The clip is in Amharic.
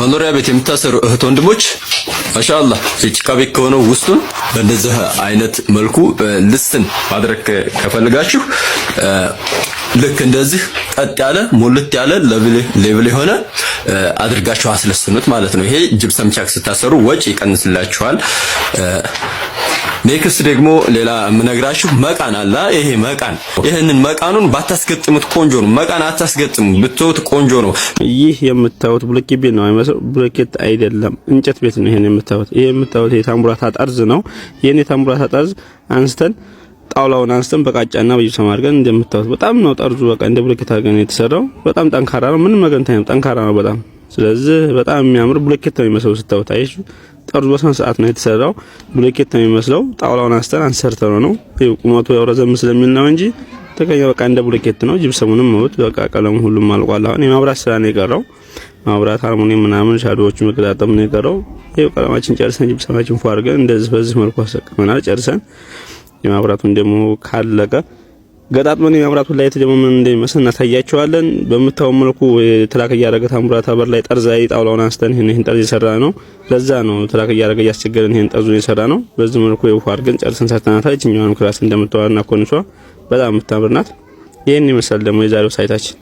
መኖሪያ ቤት የምታሰሩ እህት ወንድሞች ማሻአላህ የጭቃ ቤት ከሆነው ውስጡን በእንደዚህ አይነት መልኩ ልስን ማድረግ ከፈልጋችሁ ልክ እንደዚህ ቀጥ ያለ ሙልት ያለ ሌብል የሆነ አድርጋችሁ አስለስኑት ማለት ነው። ይሄ ጅብሰም ቻክ ስታሰሩ ወጪ ይቀንስላችኋል። ኔክስት ደግሞ ሌላ የምነግራችሁ መቃን አለ። ይሄ መቃን ይህንን መቃኑን ባታስገጥሙት ቆንጆ ነው። መቃን አታስገጥሙ ብትውት ቆንጆ ነው። ይህ የምታዩት ብሎኬት ቤት ነው አይመስል፣ ብሎኬት አይደለም እንጨት ቤት ነው። ይሄን የምታዩት ይሄ የምታዩት የታምቡራታ ጠርዝ ነው። ይሄን የታምቡራታ ጠርዝ አንስተን ጣውላውን አንስተን በቃጫና በጅብሰም አድርገን እንደምታዩት በጣም ነው ጠርዙ። በቃ እንደ ብሎኬት አድርገን የተሰራው በጣም ጠንካራ ነው። ምንም መገንታ ነው። ጠንካራ ነው በጣም ስለዚህ በጣም የሚያምር ብሎኬት ነው የሚመስለው ስታዩት። አይሽ ጠርዙ በስነ ስርዓት ነው የተሰራው። ብሎኬት ነው የሚመስለው። ጣውላውን አንስተን አንሰርተን ነው ይኸው ቁመቱ ያው ረዘም ስለሚል ነው እንጂ ተቀኛ በቃ እንደ ብሎኬት ነው። ጅብሰሙንም ነው በቃ ቀለሙ ሁሉም አልቋል። አሁን የማብራት ስራ ነው የቀረው። ማብራት አርሞኒየም ምናምን ሻዶዎቹ መገጣጠም ነው የቀረው። ይኸው ቀለማችን ጨርሰን ጅብሰማችን ፏ እንደዚህ በዚህ መልኩ አሰቀመናል። ጨርሰን የማብራቱን ደግሞ ካለቀ ገጣጥመን የመብራቱን ላይ የተጀመመን እንደሚመስል እናሳያቸዋለን። በምታዩት መልኩ ትራክ እያደረገ ታምራት በር ላይ ጠርዝ ላይ ጣውላውን አንስተን ይሄን ይሄን ጠርዝ የሰራ ነው። ለዛ ነው ትራክ እያደረገ እያስቸገረን ይሄን ጠርዙ የሰራ ነው። በዚህ መልኩ የውሃ አድርገን ጨርሰን ሰርተናታል። እኛውን ክላስ እንደምታዋና ኮንሷ በጣም የምታምር ናት። ይሄን ይመስላል ደግሞ የዛሬው ሳይታችን